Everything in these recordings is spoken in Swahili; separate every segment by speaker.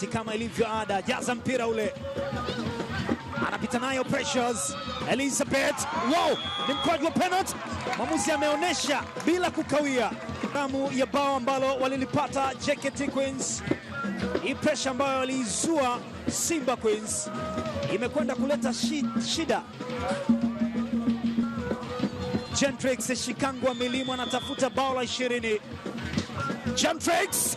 Speaker 1: kati kama ilivyo ada, jaza mpira ule, anapita nayo pressures. Elizabeth. Wow, ni mkwaju wa penalty. Mwamuzi ameonyesha bila kukawia ramu ya bao ambalo walilipata JKT Queens. Hii pressure ambayo waliizua Simba Queens imekwenda kuleta shida. Gentrix Shikangwa Milimo anatafuta bao la 20. Gentrix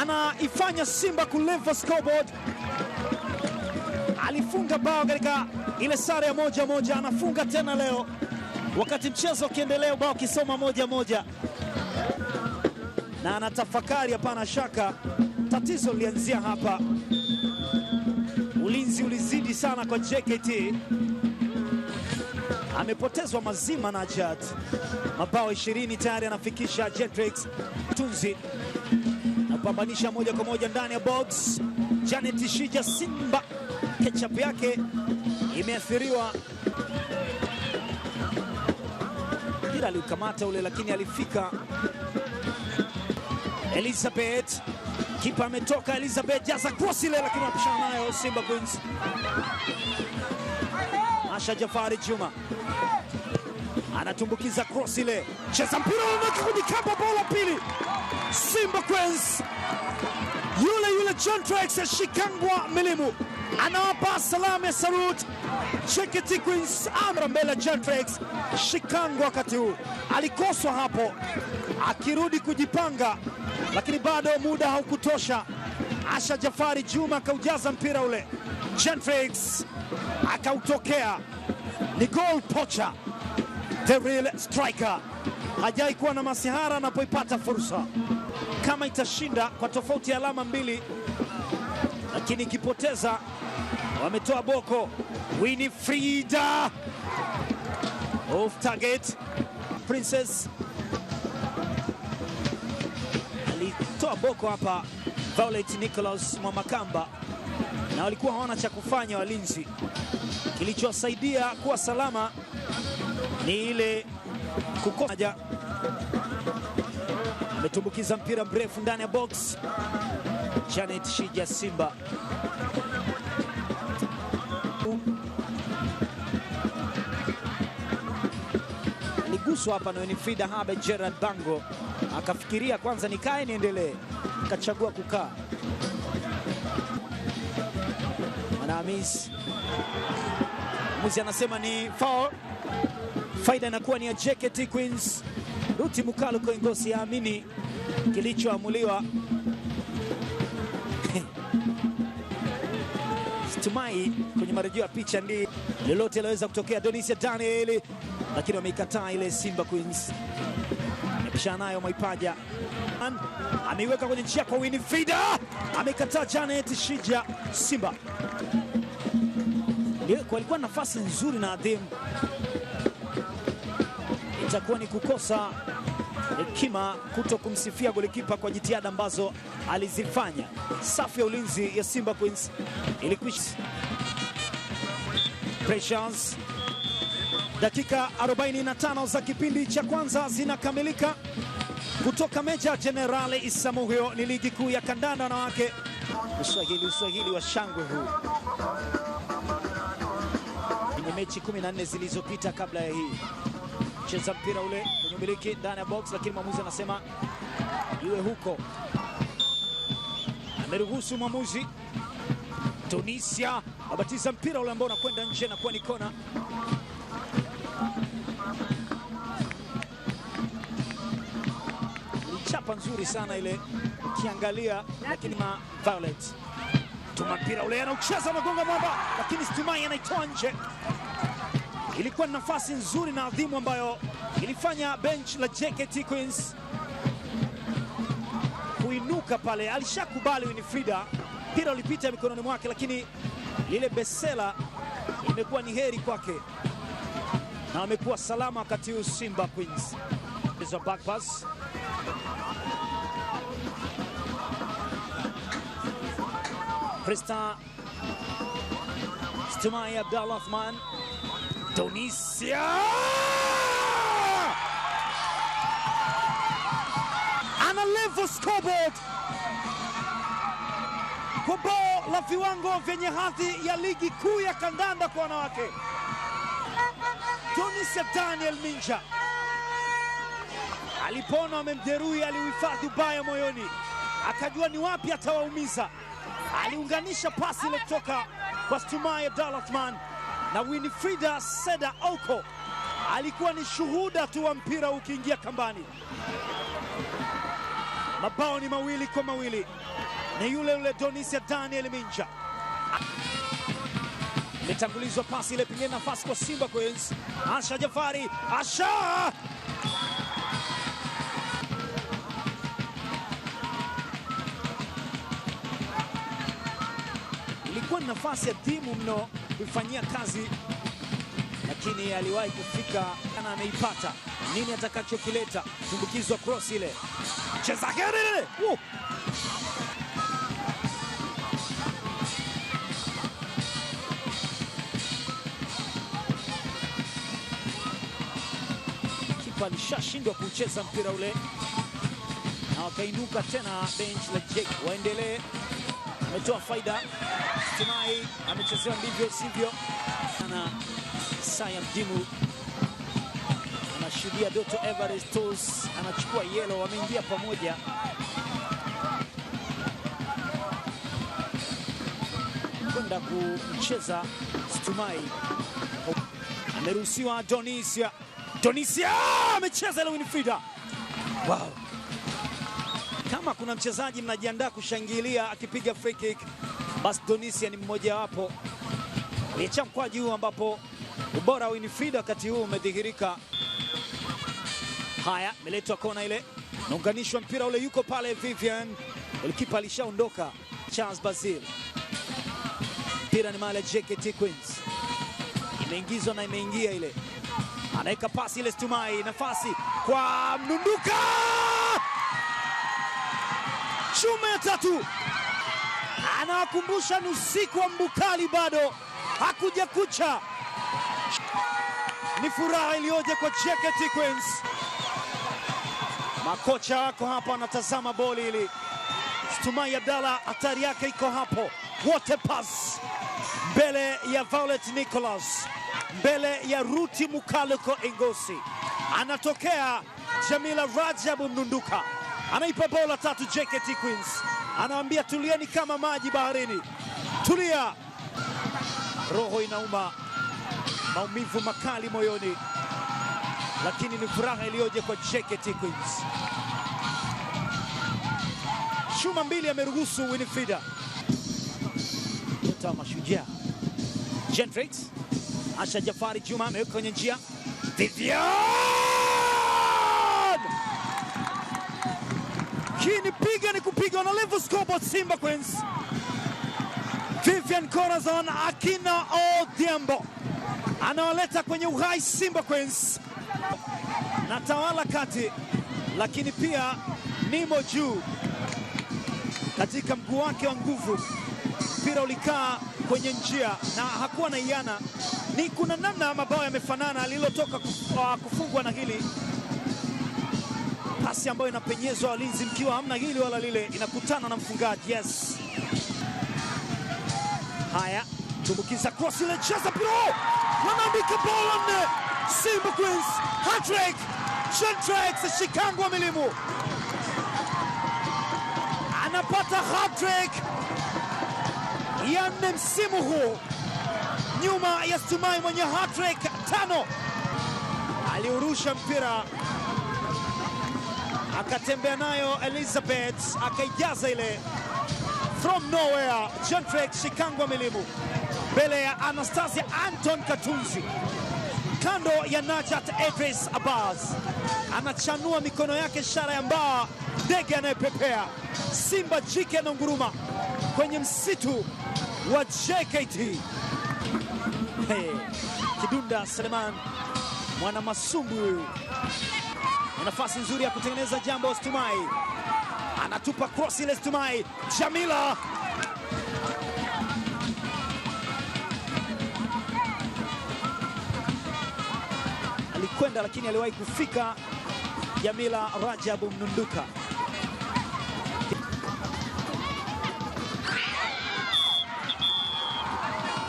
Speaker 1: anaifanya Simba kuleva scoreboard. Alifunga bao katika ile sare ya moja moja, anafunga tena leo, wakati mchezo ukiendelea, bao kisoma moja moja, na anatafakari, hapana shaka tatizo lilianzia hapa. Ulinzi ulizidi sana kwa JKT, amepotezwa mazima na Najat. Mabao 20 tayari anafikisha Jetrix Tunzi kupambanisha moja kwa moja ndani ya box. Janet Shija Simba, ketchup yake imeathiriwa, mpira aliukamata ule, lakini alifika Elizabeth, kipa ametoka. Elizabeth jaza cross ile, lakini anapishana nayo Simba Queens. Asha Jafari Juma anatumbukiza cross ile, cheza mpira unaweka kamba, bola pili. Simba Queens yule yule John Trax ashikangwa milimu, anawapa salamu ya sarut. Chekiti Queens amra mbele, John Trax shikangwa, wakati huu alikoswa hapo, akirudi kujipanga, lakini bado muda haukutosha. Asha Jafari Juma akaujaza mpira ule, Gentrix akautokea, ni goal pocha real striker hajai kuwa na masihara anapoipata fursa. Kama itashinda kwa tofauti ya alama mbili, lakini ikipoteza wametoa boko. Winifrida off target. Princess alitoa boko hapa, Violet Nicholas Mwamakamba, na walikuwa hawana cha kufanya walinzi, kilichowasaidia kuwa salama ni ile kukoja Ametumbukiza mpira mrefu ndani ya box. Janet Shija Simba aliguswa hapa na Winfrida Habe Gerard Bango, akafikiria kwanza, nikae niendelee, akachagua kukaa. Mwanahamis muzi anasema ni foul. Faida inakuwa ni ya JKT Queens. Ruti Mukalu Koingosi yaamini kilichoamuliwa. Tumai kwenye marejeo ya picha ndi lolote laweza kutokea. Donisia Daniel lakini wameikataa ile. Simba Queens amepishana nayo Mwaipaja, ameiweka kwenye njia kwa Winifrida, ameikataa Janet Shija. Simba walikuwa na nafasi nzuri na adhimu itakuwa ni kukosa hekima kuto kumsifia golikipa kwa jitihada ambazo alizifanya. Safu ya ulinzi ya Simba Queens ilikwisha. Pressures. Dakika 45 za kipindi cha kwanza zinakamilika kutoka Meja Jenerali Isamuhyo. Ni ligi kuu ya kandanda wanawake. Uswahili, uswahili wa shangwe huu kwenye mechi 14 zilizopita kabla ya hii cheza mpira ule kwenye umiliki ndani ya box, lakini mwamuzi anasema iwe huko. Ameruhusu mwamuzi. Tunisia abatiza mpira ule ambao unakwenda nje na kuwa ni kona. Chapa nzuri sana ile ukiangalia, lakini ma Violet tuma mpira ule anaucheza magonga mwamba, lakini Stumai anaitoa nje. Ilikuwa ni nafasi nzuri na adhimu ambayo ilifanya bench la JKT Queens kuinuka pale. Alishakubali Winifrida, mpira ulipita mikononi mwake, lakini lile besela imekuwa ni heri kwake na amekuwa salama wakati huu Simba Queens. pass. Krista Stumai Abdallah Othman Tunisia. level scoreboard kwa bao la viwango vyenye hadhi ya ligi kuu ya kandanda kwa wanawake. Tunisia, Daniel Minja alipona, amemjeruhi, aliuhifadhi ubaya moyoni, akajua ni wapi atawaumiza. Aliunganisha pasi ile kutoka kwa Stumai Dalatman na Winfrida Seda Oko alikuwa ni shuhuda tu wa mpira ukiingia kambani. Mabao ni mawili kwa mawili, ni yule yule Donisia Daniel Minja imetangulizwa pasi ile, pengine nafasi kwa Simba Queens. Asha Jafari, Asha ilikuwa nafasi ya timu mno kuifanyia kazi, lakini aliwahi kufika na ameipata. Nini atakachokileta? Tumbukizwa cross ile, cheza gere ile Kipa alishashindwa kucheza mpira ule na wakainuka tena bench la Jake, waendelee, ametoa faida hatimaye amechezewa ndivyo sivyo na Sayam Dimu anashuhudia Doto Everestus anachukua yellow, wameingia pamoja. kwenda kumcheza Stumai. Ameruhusiwa Donisia. Donisia amecheza ile Winfrida. Wow. Kama kuna mchezaji mnajiandaa kushangilia akipiga free kick basi Donisia ni wapo. licha mkwaji huu ambapo ubora winfried wakati huu umedhihirika. Haya, imeletwa kona ile, naunganishwa mpira ule, yuko pale Vivian, golikipa alishaondoka Charles Basil, Mpira ni mali ya JKT Queens, imeingizwa na imeingia ile, anaweka pasi ile, Stumai nafasi kwa Mnunduka, chuma ya tatu anawakumbusha ni usiku wa Mbukali, bado hakuja kucha. Ni furaha iliyoje kwa JKT Queens. Makocha wako hapa wanatazama boli hili. Stumai Abdalla, hatari yake iko hapo. Wote pas mbele ya Violet Nicholas, mbele ya Ruti Mukaluko Engosi, anatokea Jamila Rajabu Mnunduka, anaipa bola tatu JKT Queens anaambia tulieni kama maji baharini, tulia. Roho inauma, maumivu makali moyoni, lakini ni furaha iliyoje kwa JKT Queens. Chuma mbili ameruhusu Winifrida ta mashujaa Gentrix Asha Jafari Juma ameweka kwenye njia Vivian Hii ni piga ni kupiga na level scoreboard Simba Queens. Vivian Corazon akina Odhiambo anawaleta kwenye uhai Simba Queens na tawala kati, lakini pia Nimo juu katika mguu wake wa nguvu, mpira ulikaa kwenye njia na hakuwa na iana. Ni kuna namna mabao yamefanana, alilotoka kufungwa na hili pasi ambayo inapenyezwa walinzi mkiwa hamna hili wala lile, inakutana na mfungaji. Yes, haya tumbukiza cross ile, cheza pro, wanaandika bao la nne. Simba Queens hattrick. Jentrax Shikangwa Milimu anapata hattrick ya nne msimu huu nyuma ya Stumai mwenye hattrick tano, aliurusha mpira akatembea nayo Elizabeth akaijaza ile from nowhere Jentrek Shikangwa Milimu mbele ya Anastasia Anton Katunzi, kando ya Najat edris Abbas, anachanua mikono yake, ishara ya mbaa, ndege anayepepea, simba jike nguruma kwenye msitu wa JKT. Hey, Kidunda Seleman mwana masumbu huyu na nafasi nzuri ya kutengeneza jambo. Stumai anatupa cross ile. Stumai Jamila alikwenda, lakini aliwahi kufika. Jamila Rajabu Mnunduka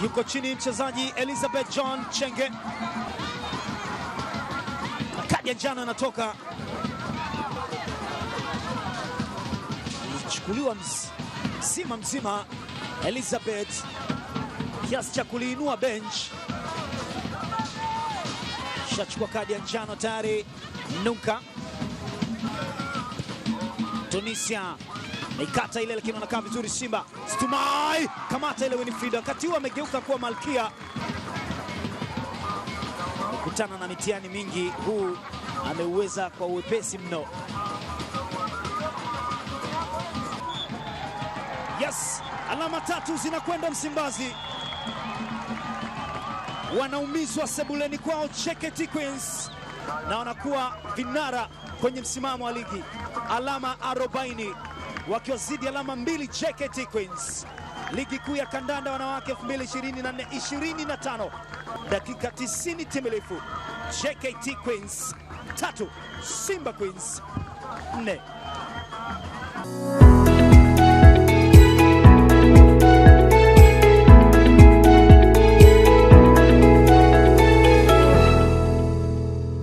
Speaker 1: yuko chini, mchezaji Elizabeth John Chenge ya njano yanatoka, ilichukuliwa mzima mzima. Elizabeth kiasi cha kuliinua bench, shachukua kadi ya njano tayari. Nunka Tunisia naikata ile, lakini wanakaa vizuri Simba. Stumai kamata ile Winifrida, wakati huo amegeuka kuwa malkia. Amekutana na mitihani mingi huu ameuweza kwa uwepesi mno. Yes, alama tatu zinakwenda Msimbazi. Wanaumizwa sebuleni kwao Cheketi Queens na wanakuwa vinara kwenye msimamo wa ligi, alama 40 zidi alama mbili JKT Queens. Ligi kuu ya kandanda wanawake 2024 25, dakika 90 timilifu. JKT Queens tatu, Simba Queens nne.